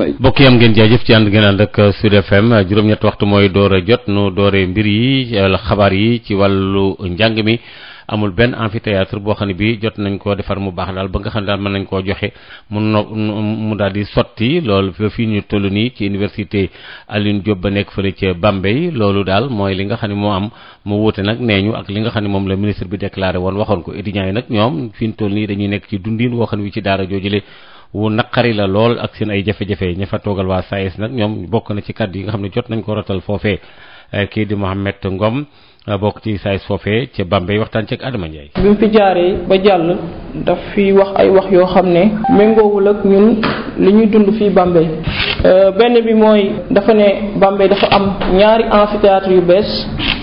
fay mbokk yi am ngeen jaajëf ci ànd ngeen ànd ak Sud FM juróom-ñett waxtu mooy door a jot nu dooree mbir yi xabaar yi ci wàllu njàng mi amul benn amphithéâtre boo xam ne bii jot nañ koo defar mu baax daal ba nga xam ne daal mën nañ koo joxe mu no mu daal di sotti loolu fii ñu toll nii ci université Alioune Diop ba nekk fële ca Bambey loolu daal mooy li nga xam ne moo am mu wuute nag nee ñu ak li nga xam ne moom la ministre bi déclaré woon waxoon ko étudiants yi nag ñoom fi ñu toll nii dañuy nekk ci dundin woo ne wi ci daara joojule wu naqari la lool ak seen ay jafe-jafe ña fa toogal waa SAES nag ñoom bokk na ci kàddu yi nga xam ne jot nañ ko rotal foofe eh, kii di xam Mohamed ngoom eh, bokk ci SAES foofee ca Bambey waxtaan ci ak Adama Ndiaye. bi mu fi jaaree ba jàll daf wax ay wax yoo xam ne méngoowul ak ñun li ñuy dund fii Bambey. Eh, benn bi mooy dafa ne Bambey dafa am ñaari amphithéâtre yu bees.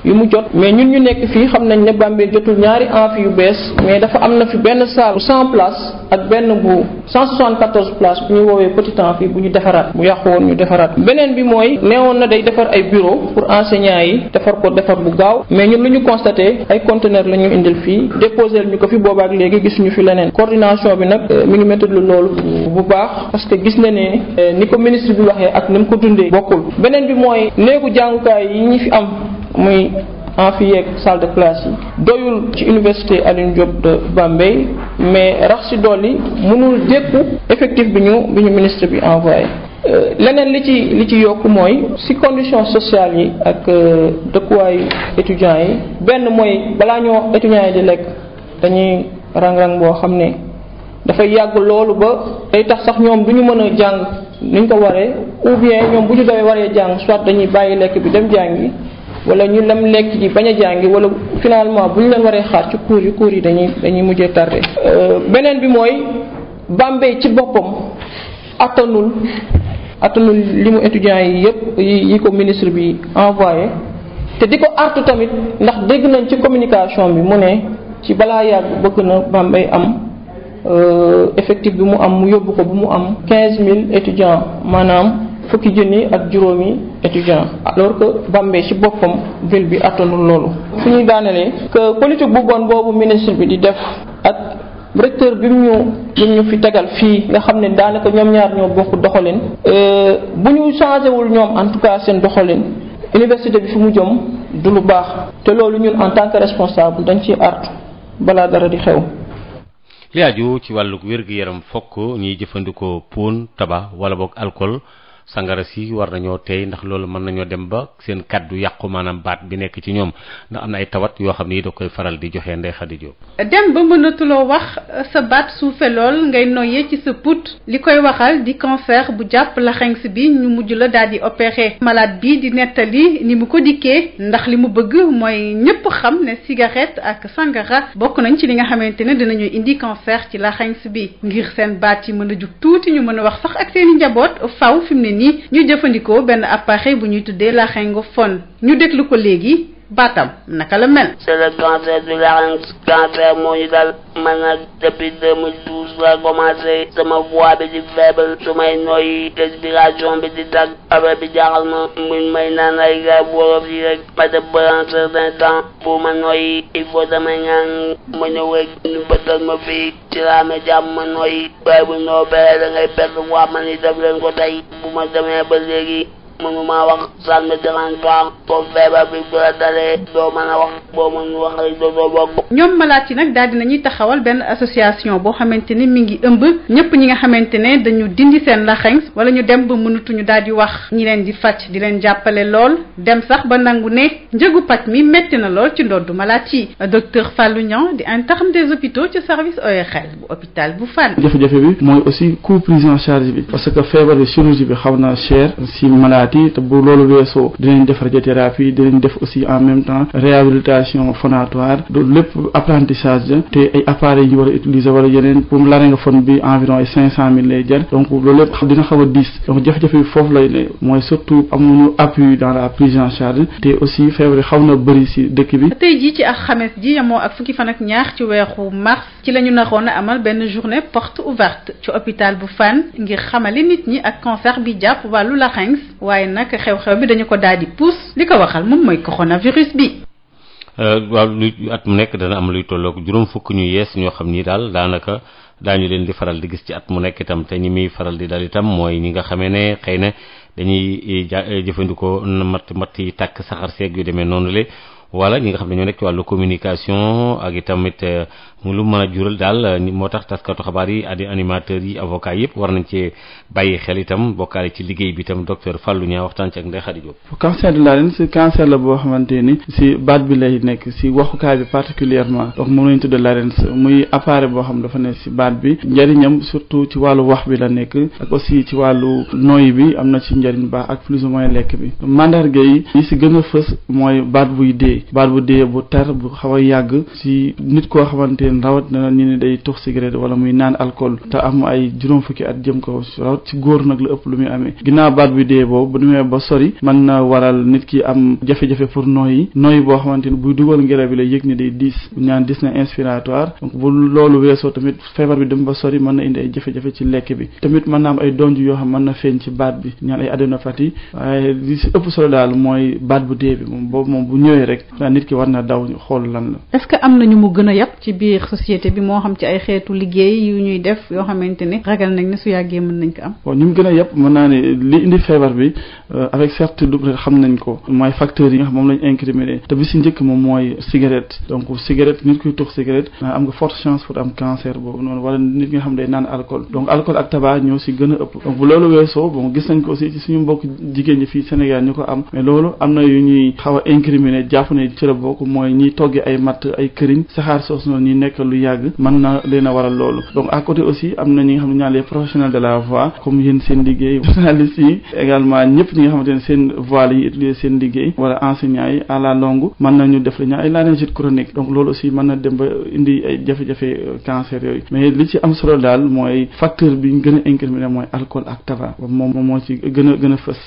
yu mu jot mais ñun ñu nekk fii xam nañ ne Bambey jotul ñaari amphi yu bees mais dafa am na fi benn salle bu 100 places ak benn bu 174 places bu ñu woowee petit amphi bu ñu defaraat bu yàqu woon ñu defaraat beneen bi mooy neewoon na day defar ay bureau pour enseignants yi defar ko defar bu gaaw mais ñun lu ñu constaté ay conteneur la ñu indil fii déposé ñu ko fi ak léegi gis ñu fi leneen coordination bi nag euh, mi ngi métti lu loolu bu baax parce que gis na ne euh, ni ko ministre bi waxee ak ni ko dundee bokkul beneen bi mooy néegu jàngukaay yi ñu fi am muy amphi yeeg salle de classe yi doyul ci université Alioune Diop de Bambey mais rax si dolli mënul dékku effectif bi ñu bi ñu ministre bi envoyé. Euh, leneen li ci li ci yokk mooy ci conditions sociales yi ak euh, dëkkuwaayu étudiants yi benn mooy balaa ñoo étudiants yi di lekk dañuy rang-rang boo xam ne dafay yàgg loolu ba day tax sax ñoom du ñu mën a jàng ni ko waree ou bien ñoom bu ñu dawee waree jàng soit dañuy bàyyi lekk bi dem jàngi. wala ñu lam lekk ji bañ a jàngi wala finalement bu ñu leen waree xaar ci cours yi cours yi dañuy dañuy mujjee tardé. Euh, beneen bi mooy Bambey ci boppam attanul attanul li mu étudiants yi yëpp yi ko ministre bi envoyé te di ko artu tamit ndax dégg nañ ci communication bi mu ne ci balaa yàgg bëgg na Bambey am. Euh, effective bi mu am mu yóbbu ko bu mu am quinze mille étudiants maanaam fukki junni ak juróomi étudiant alors que Bambey ci boppam ville bi attanul loolu fu ñuy daanelee que politique bu bon boobu ministre bi di def ak recteur bi mu ñu bi ñu fi tegal fii nga xam ne daanaka ñoom ñaar ñoo bokk doxalin euh, bu ñu changé wul ñoom en tout cas seen doxalin université bi fi mu jëm du lu baax te loolu ñun en tant que responsable dañ ci artu balaa dara di xew li aju ci wàllug wér-gu-yaram fokk ñuy jëfandikoo poon tabax wala bokk alcool sangara si war nañoo tey ndax loolu mën nañoo dem ba seen kaddu yàqu maanaam baat bi nekk ci ñoom ndax am na ay tawat yoo xam ni da koy faral di joxe Ndeye Khady Diop. dem ba mënatuloo wax sa baat suufe lool ngay noyyee ci sa put li koy waxal di cancer bu jàpp larynx bi ñu mujj la daal di opéré malade bi di nettali ni mu ko dikkee ndax li mu bëgg mooy ñëpp xam ne cigarette ak sangara bokk nañ ci li nga xamante ne dinañu indi cancer ci larynx bi ngir seen baat yi mën a jug tuuti ñu mën a wax ak seen nii ñu jëfandikoo benn appareil bu ñuy tuddee laryngophone ñu déglu ko léegi baatam naka la mel. c'est le cancer du larynx cancer moo ñu dal man nag depuis 2012 la commencé sama voix bi di faible su may noyyi respiration bi di tag affaire bi jaaxal ma muñ may naan ay garab wolof yi rek ma def ba un certain temps pour ma noyyi il faut damay ñaan ma ñëw rek ñu bëttal ma fii ci laa amee jàmm ma noyyi waaye bu noo béré da ngay perte voix man ni def leen ko tey bu ma demee ba léegi. mënuma wax sànni devant toi boobu feebar bi bu la dalee doo mën a wax boo mën wax rek doo doo bokk. ñoom malaat yi nag daal di nañuy taxawal benn association boo xamante ni mi ngi ëmb ñëpp ñi nga xamante ne dañu dindi seen laxañ wala ñu dem ba mënatuñu daal di wax ñi leen di faj di leen jàppale lool dem sax ba nangu ne njëgu paj mi métti na lool ci ndoddu malaat yi docteur Fallou Niang di interne des hôpitaux ci service ORL bu hôpital bu Fann. jafe-jafe bi mooy aussi coût prise charge bi parce que feebar bi xaw na cher yi te bu loolu weesoo dinañ def radiothérapie dinañ def aussi en même temps réhabilitation phonatoire loolu lépp apprentissage la te ay appareils yu war a utiliser wala yeneen pour laryngophone bi environ ay cinq cent mille lay jar donc loolu lépp dina xaw a diis donc jafe-jafe foofu lay ne mooy surtout amuñu appui dans la prise charge te aussi feebar xaw na bëri si dëkk bi. tey jii ci ak xames ji yamoo ak fukki fan ak ñaar ci weeru mars ci la naroon waaye nag xew-xew bi dañu ko daal di li ko waxal moom mooy coronavirus bi. Euh, waaw lu at mu nekk dana am luy tolloog juróom fukk ñu yees ñoo xam ni daal daanaka ñu leen di faral di gis ci at mu nekk itam te ñi muy faral di dal itam mooy ñi nga xamee ne xëy na dañuy e, ja e, jëfandikoo matt matt yi tàkk saxar seeg yu demee noonu le wala ñi nga xam ne ñoo nekk ci wàllu communication ak itamit euh, mu lu mën a jural daal moo tax taskatu xabaar yi adi animateurs yi avocat yëpp war nañ cee bàyyi xel itam bokkaale ci liggéey bi itam docteur Fallou a waxtaan ci ak Ndeye Khady Diop cancer de la reine si cancer la boo xamante ni si baat bi lay nekk si waxukaay bi particulièrement donc moom lañu tudde larynx muy appareil boo xam dafa ne si baat bi njëriñam surtout ci wàllu wax bi la nekk ak aussi ci wàllu nooyi bi am na ci njëriñ baax ak plus ou moins bi mandarga yi si gën a fës mooy baat buy dee baat bu dee bu tar bu xaw a yàgg si jigéen rawat na ñu ne day tux cigarette wala muy naan alcool te am ay juróom fukki at jëm ko rawat ci góor nag la ëpp lu muy amee ginnaaw baat bi dee boobu bu ba sori mën na waral nit ki am jafe pour nooyi nooyi boo xamante ni buy dugal ngelaw bi la yëg ni day diis bu ñaan diis na inspiratoire donc bu loolu weesoo tamit feebar bi dem ba sori mën na indi ay jafe-jafe ci lekk bi tamit mën na am ay donj yoo xam mën na feeñ ci baat bi ñaan ay adénopathie waaye li si ëpp solo daal mooy baat bu dee bi moom boobu moom bu ñëwee rek nit ki war na daw xool lan biir société bi moo xam ci ay xeetu liggéey yu ñuy def yoo xamante am. a nga forte chance pour am cancer boobu noonu wala nit nga xam day naan alcool donc alcool ak tabac ñoo si gën a ëpp bu loolu weesoo bon gis nañ ko aussi ci suñu mbokk jigéen ñi fii Sénégal ñu ko am mais loolu am na yu ñuy xaw a incriminé jàpp ne ci la mooy ñiy toggee ay matt ay këriñ saxaar soos noonu nekk lu yàgg mën na leen a waral loolu donc à côté aussi am na ñi nga xam ne ñaan les professionnels de la voix nga xamante ne seen voix la utiliser seen liggéey wala enseignants yi à la longue na ñu def la ñaa ay laryngite chronique donc loolu aussi mën na dem ba indi ay jafe-jafe euh, cancer yooyu mais li ci am solo daal mooy facteur bi ñu gën a incriminer mooy alcool ak tabac moom moom moo ci gën a gën a fës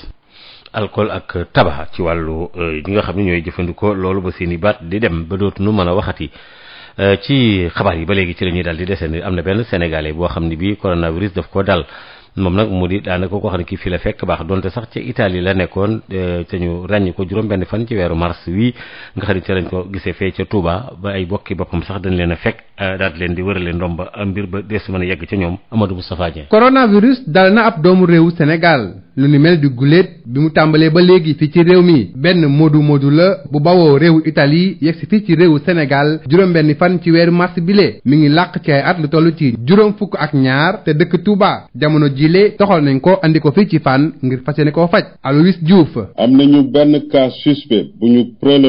alcool ak tabac ci wàllu euh, ñi nga xam ne ñooy jëfandikoo loolu ba seen i baat di dem ba dootuñu mën a ci xabaar yi ba léegi ci la ñuy daal di desandi am na benn sénégalais boo xam ne bii coronavirus daf ko dal moom nag mu di daanaka koo xam ne kii fii la fekk baax donte sax ca Italie la nekkoon ca euh, ñu ràññ ko juróom-benn fan ci weeru mars wi nga xam lañ ko gisee fee ca Touba ba ay bokki boppam sax dañ leen a fekk euh, daat leen di wërale ndomba euh, mbir ba des mën a yegg ca ñoom Amadou Moustapha Dieng coronavirus dal na ab doomu réewu Sénégal lu ni mel di guléet bi mu tàmbalee ba léegi fii ci réew mi benn moodu moodu la bu bawoo réewu Italie yegg si fii ci réewu Sénégal juróom-benn fan ci weeru mars bile mi ngi làq ci ay at lu toll ci juróom fukk ak ñaar te dëkk Touba jamono ji jile toxal nañ ko indi ko fii ci Fann ngir fas yéene koo faj Alois Diouf. am ñu benn cas suspect bu ñu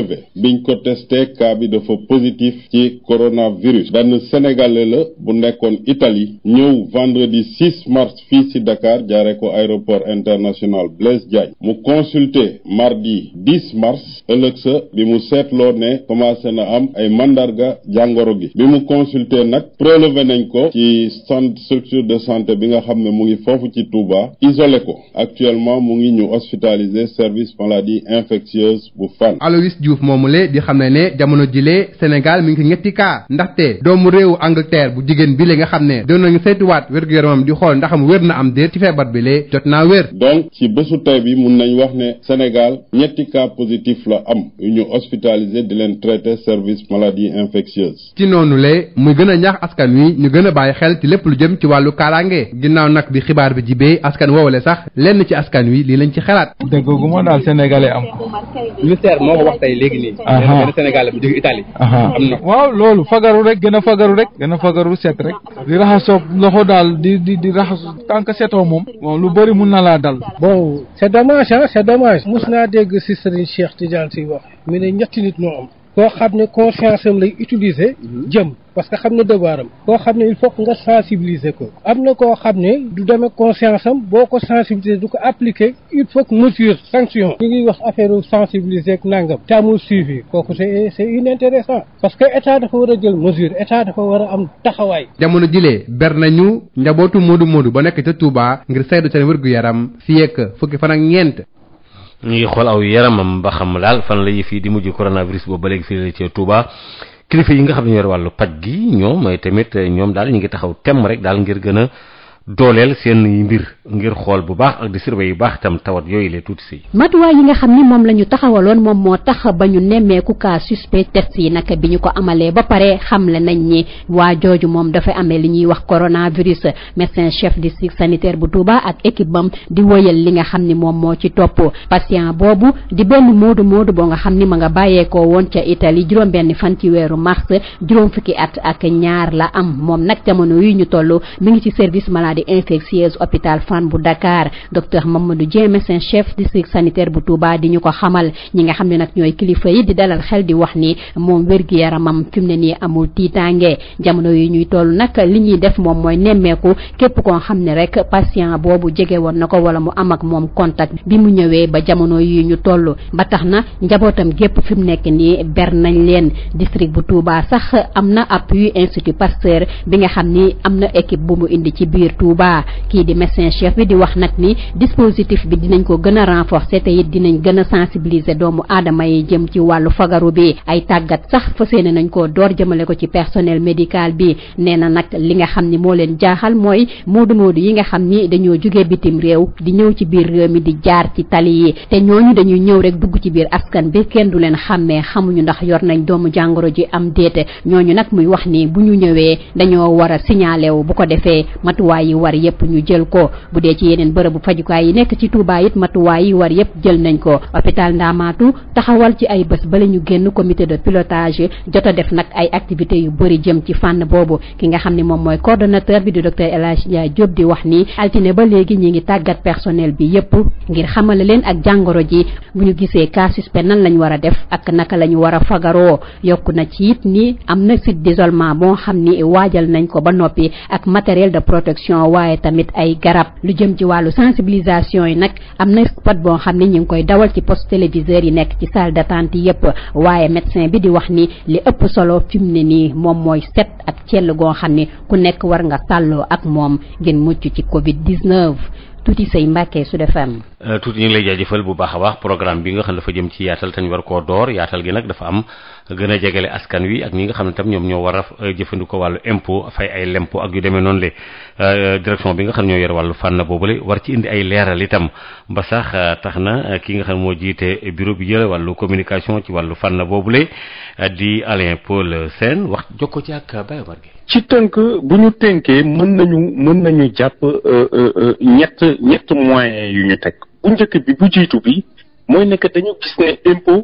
bi biñ ko testé cas bi dafa positif ci coronavirus benn sénégalais la bu nekkoon Italie ñëw vendredi 6 mars fii ci Dakar jaare ko aéroport international Blaise Diagne mu consulté mardi 10 mars ëllëg sa bi mu seetloo ne commencé na am ay mandarga jàngoro gi bi mu consulté nag prélevé nañ ko ci centre structure de santé bi nga xam ne mu ngi foofu ci Touba isolé ko actuellement mu ngi ñu hospitalisé service maladie infectieuse bu Fann Aloïs Diouf moomule di xam ne ne jamono jilee Sénégal mi ngi ñetti kaa ndaxte doomu réewu Angleterre bu jigéen bi le nga xam ne doon nañu saytuwaat wér-gu-yaramam di xool ndaxam wér na am déet ci feebar bi lee jot naa wér donc ci bésu tey bi mun nañ wax ne Sénégal ñetti cas positif la am yu ñu hospitalisé di leen traité service maladie infectieuse ci noonu l muy gën a ñaax askan wi ñu gën bàyyi xel lépp lu jëm ci wàllu kaaraange xibaar bi jibee askan woowale sax lenn ci askan wi lii lañ ci xalaat. dëgg gu ma daal sénégalais am ko. ministère moo ko wax tey léegi nii. a sénégalais bu jóge Italie. am na waaw loolu fagaru rek gën a fagaru rek gën a fagaru set rek. di raxasoo loxo daal di di di raxasu tànk setoo moom. bon lu bëri mun na laa dal. bon c'est dommage ah c'est dommage. mos naa dégg si Serigne Cheikh Tidiane si wax. mu ne ñetti nit ñoo am. koo xam ne conscience lay utiliser. Mhm. parce que xam na devoir am koo xam ne il faut nga sensibiliser ko am na koo xam ne du demee conscience am boo ko sensibiliser du ko appliquer il faut que mesure sanction ñu ngi wax affaire sensibiliser ak nangam te amul suivi kooku c'est c'est parce que état dafa war a jël mesure état dafa war a am taxawaay jamono jilee ber nañu njabootu Modou Modou ba nekk ca Touba ngir saytu seen wér-gu-yaram fii ak fukki fan ak ñeent ñu ngi xool aw yaramam ba xam daal fan la yëf yi di mujj coronavirus boobu ba léegi fii kilifa yi nga xam ne ñoo wàllu paj gi ñoom mooy tamit ñoom daal ñu ngi taxaw temm rek daal ngir gën a dooleel seen mbir ngir xool bu baax ak di surveiller yu baax tam tawat yooyu la tuuti si. matuwaay yi nga xam ni moom la ñu taxawaloon moom moo tax ba ñu nemmeeku cas suspect test yi nag bi ñu ko amalee ba pare xam xamle nañ ni waa jooju moom dafa amee li ñuy wax coronavirus médecin chef district sanitaire bu Touba ak équipe bam di woyal li nga xam ni moom moo ci topp patient boobu di benn moodu moodu boo nga xam ni ma nga bàyyeekoo woon ca Italie juróom-benn fan ci weeru mars juróom fukki at ak ñaar la am moom nag jamono yi ñu toll mi ngi maladies infectieuses hôpital Fann bu Dakar docteur Mamadou Dieng médecin chef district sanitaire bu Touba di ñu ko xamal ñi nga xam ne nag ñooy kilifa yi di dalal xel di wax ni moom wér-gu-yaramam fi mu ne nii amul tiitaange jamono yi ñuy toll nag li ñuy def moom mooy nemmeeku képp koo xam ne rek patient boobu jege woon na ko wala mu am ak moom contact bi mu ñëwee ba jamono yi ñu toll ba tax na njabootam gépp fi mu nekk nii ber nañ leen district bu Touba sax am na appui Institut bi nga xam ni am na équipe bu indi ci biir Touba kii di médecin chef bi di wax nag ni dispositif bi dinañ ko gën a renforcer te it dinañ gën a sensibiliser doomu aadama yi jëm ci wàllu fagaru bi ay tàggat sax fas yéene nañ koo door jëmale ko ci personnel médical bi nee na nag li nga xam ni moo leen jaaxal mooy moodu moodu yi nga xam ni dañoo jóge bitim réew di ñëw ci biir réew mi di jaar ci tali yi te ñooñu dañuy ñëw rek dugg ci biir askan bi kenn du leen xàmmee xamuñu ndax yor nañ doomu jàngoro ji am déete ñooñu nag muy wax ni yi war yëpp ñu jël ko bu dee ci yeneen bërëbu fajukaay yi nekk ci Touba it matuwaay yi war yëpp jël nañ ko hôpital Ndamatou taxawal ci ay bés bala génn comité de pilotage jot a def nag ay activités yu bëri jëm ci fànn boobu ki nga xam ne moom mooy coordonnateur bi di docteur El Hadj Ndiaye di wax ni altine ba léegi ñi ngi tàggat personnel bi yëpp ngir xamale leen ak jàngoro ji bu ñu gisee cas suspect nan lañ def ak naka la ñu war a fagaroo yokku na ci it ni am na site de protection waaye tamit ay garab lu jëm ci wàllu sensibilisation yi nag am na spot boo xam ne ñu ngi koy dawal ci poste téléviseur yi nekk ci salle d'attente yépp waaye médecin bi di wax ni li ëpp solo fi mu ne nii moom mooy set ak cell goo xam ne ku nekk war nga sàlloo ak moom ngeen mucc ci Covid 19. Tuuti Sey Mbacke Sud FM. Euh, tuuti ñu ngi lay jaajëfal bu baax a baax programme bi nga xam dafa jëm ci yaatal te ñu war koo door yaatal gi nag dafa am. gën a jegale askan wi ak ñi nga xam ne tam ñoom ñoo war a euh, jëfandikoo wàllu impôt fay ay lempo ak yu demee noonu le euh, direction bi nga xam ne ñoo yor wàllu fànn boobule war ci indi ay leeral itam ba sax euh, tax na ki nga xam moo jiite bureau bi yële wàllu communication ci wàllu fànn boobule di Alain Paul Sène wax ko ci ak Baye Omar Gueye ci tënk bu ñu tënkee mën nañu mën nañu jàpp ñett ñett moyens yu ñu teg bu njëkk bi bu jiitu bi mooy nekk dañu gis ne impôt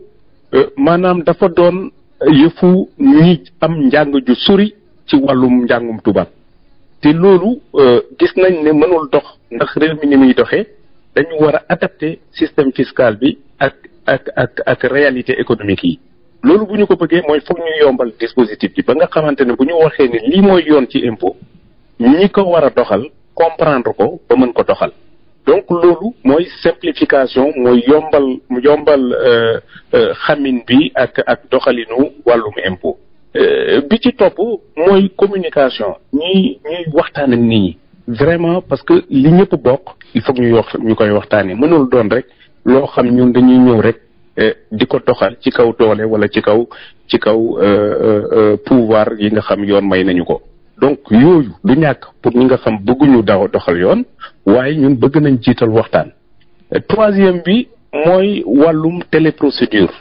yëfu ñi am njàng ju sori ci wàllum njàngum tubaab te loolu euh, gis nañ ne mënul dox ndax réew mi ni muy doxee dañu war a adapté système fiscal bi ak ak ak ak réalité économique yi loolu bu ñu ko bëggee mooy foog ñu yombal dispositif bi ba nga xamante ne bu ñu waxee ne lii mooy yoon ci impôt ñi ko war a doxal comprendre ko ba mën ko doxal donc loolu mooy simplification mooy yombal yombal euh, euh, xamin bi ak ak doxalinu wàllum impôt euh, bi ci topp mooy communication ñuy ñuy waxtaan ak nit ñi vraiment parce que li ñëpp bokk il faut ñuy wax ñu koy waxtaanee mënul doon rek loo xam ñun dañuy ñëw rek di ko doxal ci kaw doole wala ci kaw ci kaw pouvoir yi nga xam yoon may nañu ko donc yooyu du ñàkk pour ñi nga xam bëgguñu daw doxal yoon waaye ñun bëgg nañ jiital waxtaan. troisième bi mooy wàllum téléprocédure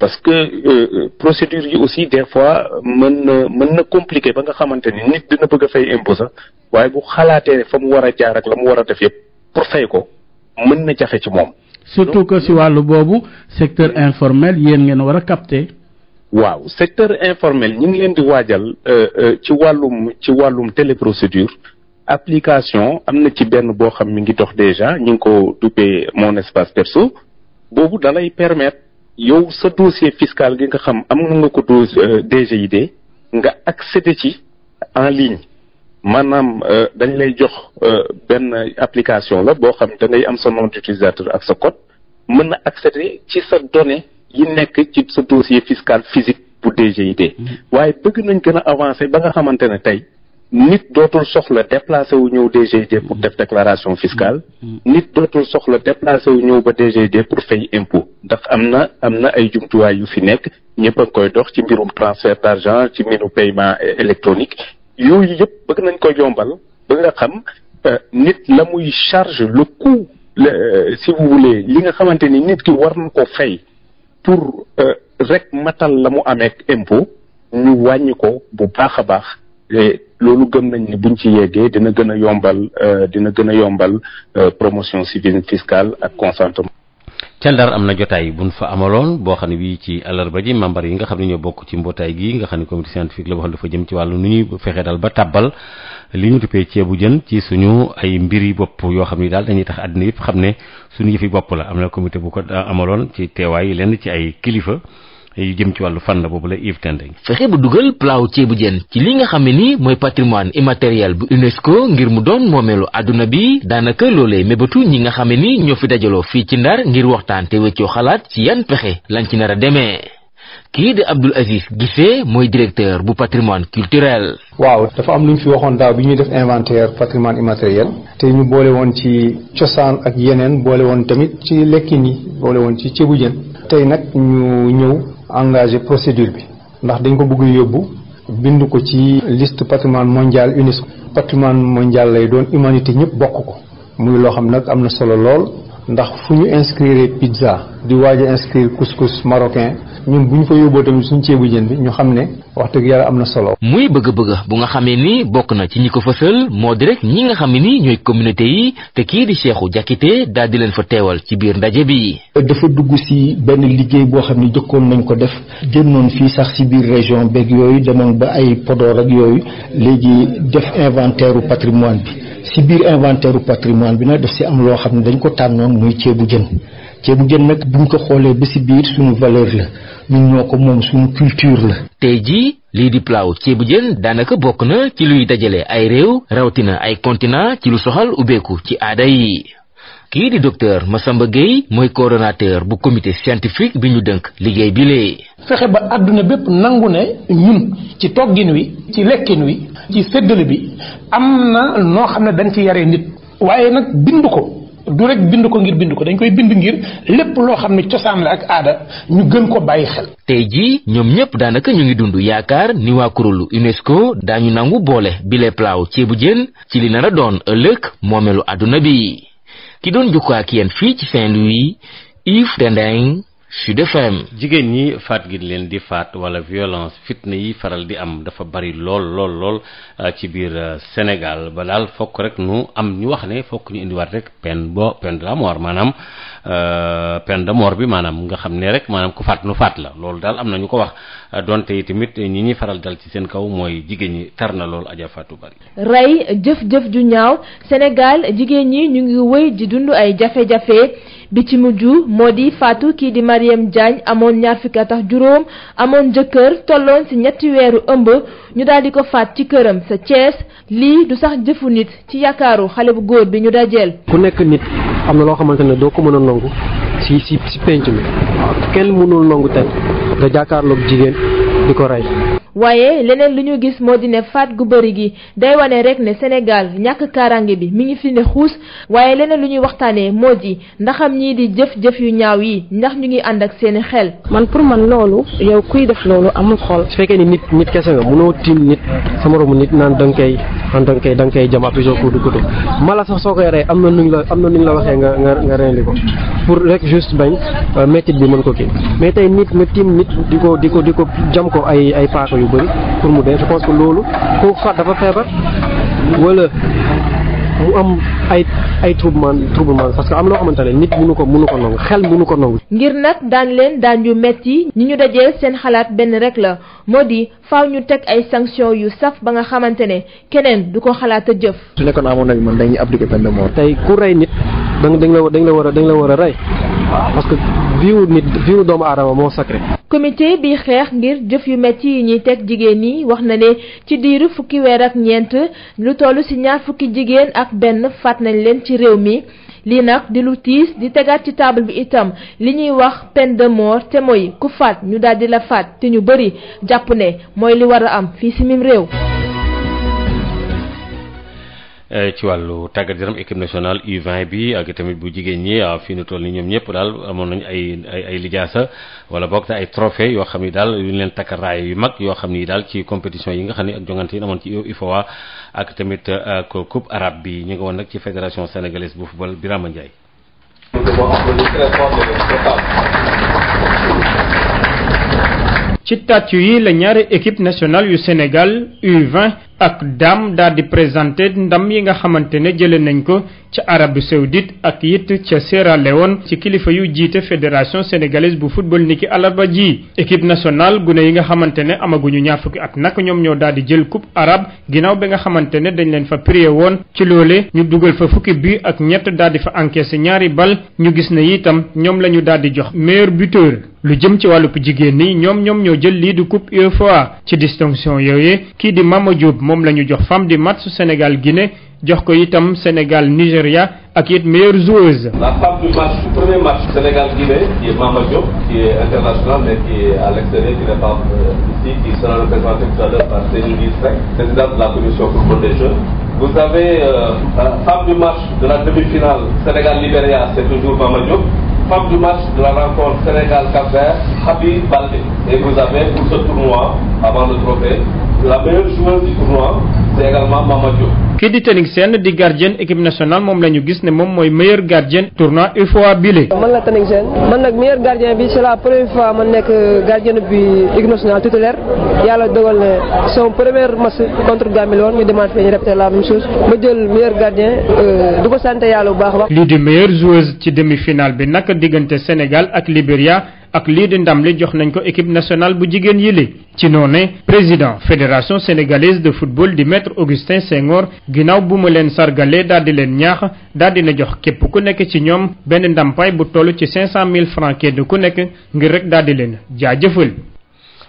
parce que euh, euh procédure yi aussi des fois mën na mën na compliqué ba nga xamante ni nit dina bëgg a fay impôt waaye bu xalaatee fa mu war a jaar ak la mu war a def yëpp pour fay ko mën na jafe ci moom. surtout que si wàllu boobu secteur informel yéen ngeen war a capter. waaw secteur informel ñu ngi leen di waajal euh, euh, ci wàllum ci wàllum téléprocédure application am na ci benn boo xam mi ngi dox déjà ñu ngi ko duppee mon espace perso boobu dalay lay permettre yow sa dossier fiscal gi nga xam am na nga ko do euh, DGID nga accéder ci en ligne maanaam dañ lay jox benn application la boo xam da ngay am sa nom d'utilisateur ak sa code mën na accéder ci sa donnée yi nekk ci sa dossier fiscal physique bu DGID mm-hmm. waaye bëgg nañ gën a avancer ba nga xamante ne tey nit dootul soxla déplacé wu ñëw DGID pour def déclaration fiscale mm-hmm. nit dootul soxla déplacé wu ñëw ba DGID pour fay impôt ndax am na am na ay jumtuwaay yu fi nekk ñëpp a ngi koy dox ci mbirum transfert d'argent ci mbiru paiement électronique yooyu yëpp bëgg nañ ko yombal ba nga xam euh, nit la muy charge le coût euh, si vous voulez li nga xamante ni nit ki war na ko fay pour euh, rek matal la mu amee impôt ñu wàññi bu baax a baax loolu gën nañ ne buñ ci yeggee dina gën a yombal euh, dina gën a yombal euh, promotion civile fiscale ak consentement ca ndar am na jotaay buñ fa amaloon boo xam ne bii ci àllarba ji membre yi nga xam ne ñoo bokk ci mbootaay gi nga xam ne comité scientifique la boo xam dafa jëm ci wàllu nu ñuy fexee daal ba tàbbal li ñu tuppee ceebu jën ci suñu ay mbiri bopp yoo xam ne daal dañuy tax àddina yëpp xam ne suñu yëfi bopp la am na comité bu ko amaloon ci teewaay lenn ci ay kilifa jëm ci wàllu fànn boobu la Yves Tendeng fexe ba dugal palaaw ceebu jën ci li nga xam ne ni mooy patrimoine immatériel bu UNESCO ngir mu doon moomeelu àdduna bi daanaka loolee mébatu ñi nga xam ne ni ñoo fi dajaloo fii ci ndar ngir waxtaan te wéccoo xalaat ci yan pexe lañ ci nar a demee kii di Abdoul Aziz Guissé mooy directeur bu patrimoine culturel. waaw dafa am lu ñu fi waxoon daaw bi ñuy def inventaire patrimoine immatériel. te ñu boole woon ci cosaan ak yeneen boole woon tamit ci lekkin yi boole woon ci ceebu jën. tey nag ñu engagé procédure bi ndax dañ ko bëgg yóbbu bind ko ci liste patrimoine mondial UNESCO patrimoine mondial lay doon humanité ñëpp bokk ko muy loo xam nag am na solo lool ndax fu ñu inscrire pizza di waaja a inscrire couscous marocain ñun bu ñu ko yóbboo tamit suñ ceebu jën bi ñu xam ne wax dëgg yàlla am na solo. muy bëgg bëgga bu nga xamee ni bokk na ci ñi ko fësal moo di rek ñi nga xam ne ni ñooy communauté yi te kii di Cheikhou jàkkite daal di leen fa teewal ci biir ndaje bi. dafa dugg si benn liggéey boo xam ne jëkkoon nañu ko def génnoon fii sax si biir région beeg yooyu demoon ba ay Podor ak yooyu léegi def inventaire patrimoine bi. ci biir inventaire patrimoine bi na def si am loo xam ne dañ ko tànnoon muy ceebu jën ceebu jën nag buñ ko xoolee ba si biir suñu valeur la ñun ñoo ko moom suñu culture la. tey jii lii di plaw ceebu jën daanaka bokk na ci luy dajale ay réew rawtina ay continent ci lu soxal ubbeeku ci aada yi. kii di docteur Massamba Gueye mooy coordonnateur bu comité scientifique bi ñu dënk liggéey bi lee fexe ba àdduna bépp nangu ne ñun ci toggin wi ci lekkin wi ci séddale bi am na noo xam ne dañ ci yaree nit waaye nag bind ko du rek bind ko ngir bind ko dañ koy bind ngir lépp loo xam ne cosaan la ak aada ñu gën ko bàyyi xel. tey jii ñoom ñëpp daanaka ñu ngi dund yaakaar ni waa kuréelu UNESCO daañu nangu boole bile plaw ceebu jën ci li nar a doon ëllëg moomeelu àdduna bi. ki doon jokkoo ak yéen fii ci Saint-Louis Yves Dandin Sud FM jigéen ñi faat gi leen di faat wala violence fitna yi faral di am dafa bari lool lool lool euh, ci biir euh, Sénégal ba daal fokk rek nu am ñu wax ne fokk ñu indiwaat rek pen bo pen de la mort maanaam euh, peine de mort bi maanaam nga xam ne rek maanaam ku faat nu faat la loolu daal am na ñu ko wax donte yi tamit ñi ñuy faral dal ci seen kaw mooy jigéen ñi tar na lool aja faatu bari. rey jëf-jëf ju ñaaw Sénégal jigéen ñi ñu ngi wëy di dund ay jafe-jafe. bi ci mujj moo di faatu kii di Mariam Diagne amoon ñaar fukki at ak juróom amoon jëkkër tolloon ci ñetti weeru ëmb ñu daal di ko faat ci këram sa Thiès lii du sax jëfu nit ci yaakaaru xale bu góor bi ñu dajeel. ku nekk nit am na loo xamante ne doo ko mën a nangu si si penc mi kenn mënul nangu tey nga jàkkaarloog jigéen di ko rey. waaye leneen lu ñu gis moo di ne faat gu bëri gi day wane rek ne Sénégal ñàkk kaaraange bi mi ngi fi ne xuus waaye leneen lu ñuy waxtaanee moo di ndaxam ñii di jëf-jëf yu ñaaw yi ndax ñu ngi ànd ak seeni xel. man pour man loolu yow kuy def loolu amul xool su fekkee ni nit nit kese nga mënoo tiim nit sa moromu nit naan da nga koy da nga koy da nga koy jam toujours pour du ko mala sax soo koy rey am na nuñ la am na nuñ la waxee nga nga nga rendi ko pour rek juste bañ euh, métit bi mën ko kii mais tey nit nga tiim di ko di ko di ko jam ko ay yu bëri pour mu dee je pense que loolu kooku soit dafa feebar wala mu am ay ay troublement troublement parce que am loo xamante ne nit mënu ko mënu ko nangu xel mu nu ko nangu. ngir nag daan leen daan yu metti ñi ñu dajeel seen xalaat benn rek la moo di faaw ñu teg ay sanctions yu saf ba nga xamante ne keneen du ko xalaat a jëf. su nekkoon amoon nag man dañuy appliquer peine de mort. tey ku rey nit dañ dañ la dañ la war dañ la war a rey parce que viwu nit viwu comité bi xeex ngir jëf yu metti yi ñuy teg jigéen ñi wax na ne ci diiru fukki weer ak ñeent lu toll ci ñaar fukki jigéen ak benn faat nañ leen ci réew mi lii nag di lu tiis di tegaat ci taabal bi itam li ñuy wax peine de mort te mooy ku faat ñu daal di la faat te ñu bari jàpp ne mooy li war a am fii ci mim réew Eh, ci wàllu tàggat yaram équipe nationale u bi ak tamit bu jigéen ñi waaw ah, fii nu toll ni ñoom ñëpp daal amoon nañu ay ay ay lijaasa wala boog te ay trophée yoo xam ni daal yu ñu leen takk raay yu mag yoo xam ni daal ci compétition yi nga xam ni ak jongante yi amoon ci UFOA e ak tamit eh, ak coupe bi ñu ngi woon nag ci fédération sénégalaise bu football Birama Ndiaye. ci tàccu yi la ñaari équipe nationale yu Sénégal U20. ak daam daal di présenté ndam yi nga xamante ne jëlee nañ ko ca Arabie Saoudite ak yit ca Sierra woon ci kilifa yu jiite fédération sénégalaise bu football niki alarba ji équipe nationale gune yi nga xamante ne amaguñu ñaar fukki at nag ñoom ñoo daal di jël coupe arab ginnaaw bi nga xamante ne dañ leen fa prié woon ci loole ñu dugal fa fukki bi ak ñett daal di fa encaissé ñaari bal ñu gis ne itam ñoom lañu ñu jox meilleur buteur. lu jëm ci wàllup jigéen ni ñoom ñoom ñoo jël lii di coupe UFOA ci distinction yooyu kii di Mama Diop moom la ñu jox femme di match Sénégal Guinée jox ko itam Sénégal Nigéria ak it meilleure joueuse. la femme du match premier match Sénégal Guinée qui est Mama Diop qui est internationale mais qui est à l'extérieur qui n'est pas euh, ici qui sera représentée tout par Sénégal Seck de la commission football des jeunes. vous avez euh, femme du match de la demi-finale femme du match de la rencontre Sénégal-Cap Vert, Habib Baldé. pour ce tournoi, avant le trophée, la meilleure joueuse du tournoi c'est également Mama kii di Tening Sène di gardienne équipe nationale moom la ñu gis ne moom mooy meilleur gardien tournoi UFOA bile. man la Tening man nag meilleur gardien bi c'est la première fois ma nekk euh, gardien bi équipe nationale titulaire yàlla dogal ne son premier match contre Gambie la woon ñu demaat la même ma jël meilleur gardien euh, du ko sant yàlla bu baax a baax. lii di meilleure joueuse ci demi-finale bi nag diggante Sénégal ak Libéria. ak lii di ndam li jox nañ ko équipe nationale bu jigéen yi li ci noone président fédération sénégalaise de football di maître Augustin Senghor ginnaaw bu mu leen sargalee daal di leen ñaax daal dina jox képp ku nekk ci ñoom benn ndampaay bu toll ci 500 000 francs kenn ku nekk ngir rek daal di leen jaajëfal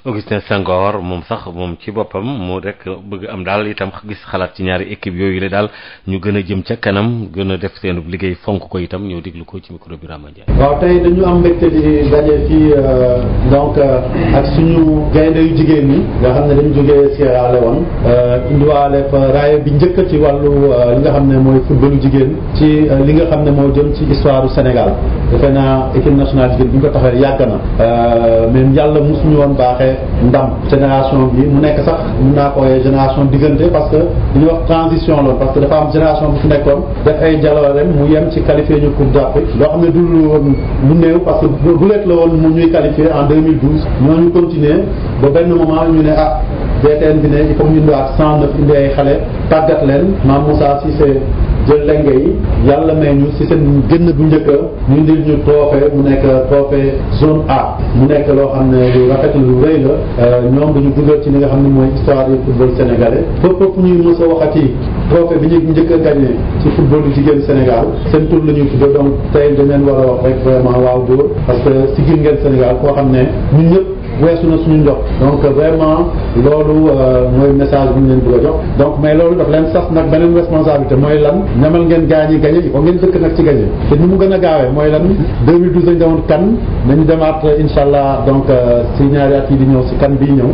Augustin Senghor moom sax moom ci boppam mu rek bëgg am daal itam gis xalaat ci ñaari équipe yooyu la daal ñu gën a jëm ca kanam gën a def seen liggéey fonk ko itam ñëw déglu ko ci micro bi Rama Ndiaye. waaw tey dañu am mbégte di daje fii euh, donc euh, ak suñu gaynde jigéen ñi nga xam ne dañu jógee Sierra Leone euh, indiwaale fa raaya bi njëkk ci wàllu li nga xam ne mooy footballu jigéen ci li nga xam ne moo jëm ci histoire du Sénégal defe naa équipe nationale jigéen ndam génération bi mu nekk sax mun naa ko génération diggante parce que li ñu wax transition loolu parce que dafa am génération bu fi nekkoon def ay jaloorem mu yem ci qualifié ñu coupe d'Afrique loo xam ne dul woon lu néew parce que bu leet la woon mu ñuy qualifié en 2012 ñooñu continuer ba benn moment ñu ne ah BTN bi ne il faut ñu indiwaat 109 indi ay xale tàggat leen maam Moussa Cissé jël lenge yi yàlla may ñu si seen gënn bu njëkk ñu ndil ñu trophée mu nekk trophée zone A mu nekk loo xam ne lu rafet lu rëy la euh, ñoom dañu dugal ci li nga xam ne mooy histoire yu football sénégalais fépp fépp ñuy mos a waxati trophée bi ñu njëkk a gagné ci football yu jigéen Sénégal seen tur la ñuy tuddee donc tey dañ war a wax rek vraiment waaw góor parce que si gir ngeen Sénégal koo xam ne ñun ñëpp weesu na suñu ndox donc euh, vraiment loolu euh, mooy message bu ñu leen a jox donc mais loolu daf leen sas nag beneen responsabilité mooy lan ñamal ngeen gaañi gagné il faut ngeen dëkk nag ci gagné te ni mu gën a gaawee mooy lan 2012 dañ demoon kan nañu demaat euh, incha allah donc si ñaari at yi di ñëw si kan bii ñëw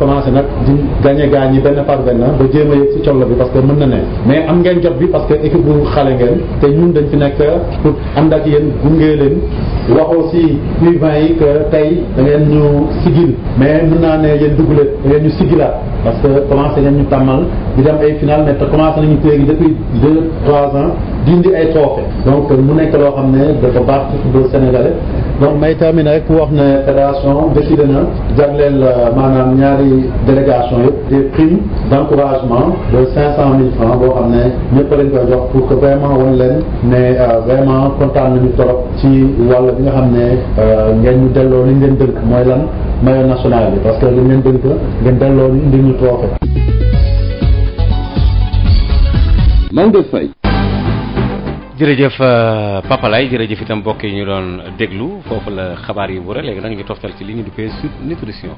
commencé nag di gagné gaañi benn par benn ba jéem a yëg si bi parce que mën na ne mais am ngeen jot bi parce que équipe bu xale ngeen te ñun sigil mais mën naa ne yéen dugg leen yéen ñu sigilaat parce que commencé ngeen ñu tàmmal di dem ay final mais te commencé nañu téegi depuis deux trois ans dindi ay toofe donc mu nekk loo xam ne dafa baax ci football sénégalais donc may terminer rek wax ne fédération décidé na jagleel euh, maanaam ñaari délégation yëpp des primes d'encouragement de cinq cent mille francs boo xam ne ñëpp lañ koy jox pour que vraiment wan leen mais euh, vraiment kontaan nañu torop ci wàll bi nga xam ne euh, ngeen mu delloo li ngeen dënk mooy lan maillot national bi parce que li ngeen dënk ngeen delloo li ñu toofe Maodo Faye jërëjëf euh, Papa Lay jërëjëf itam mbokk yi ñu doon déglu foofu la xabaar yi wër léegi nag ñu toftal ci li ñu duppee Sud Nutrition.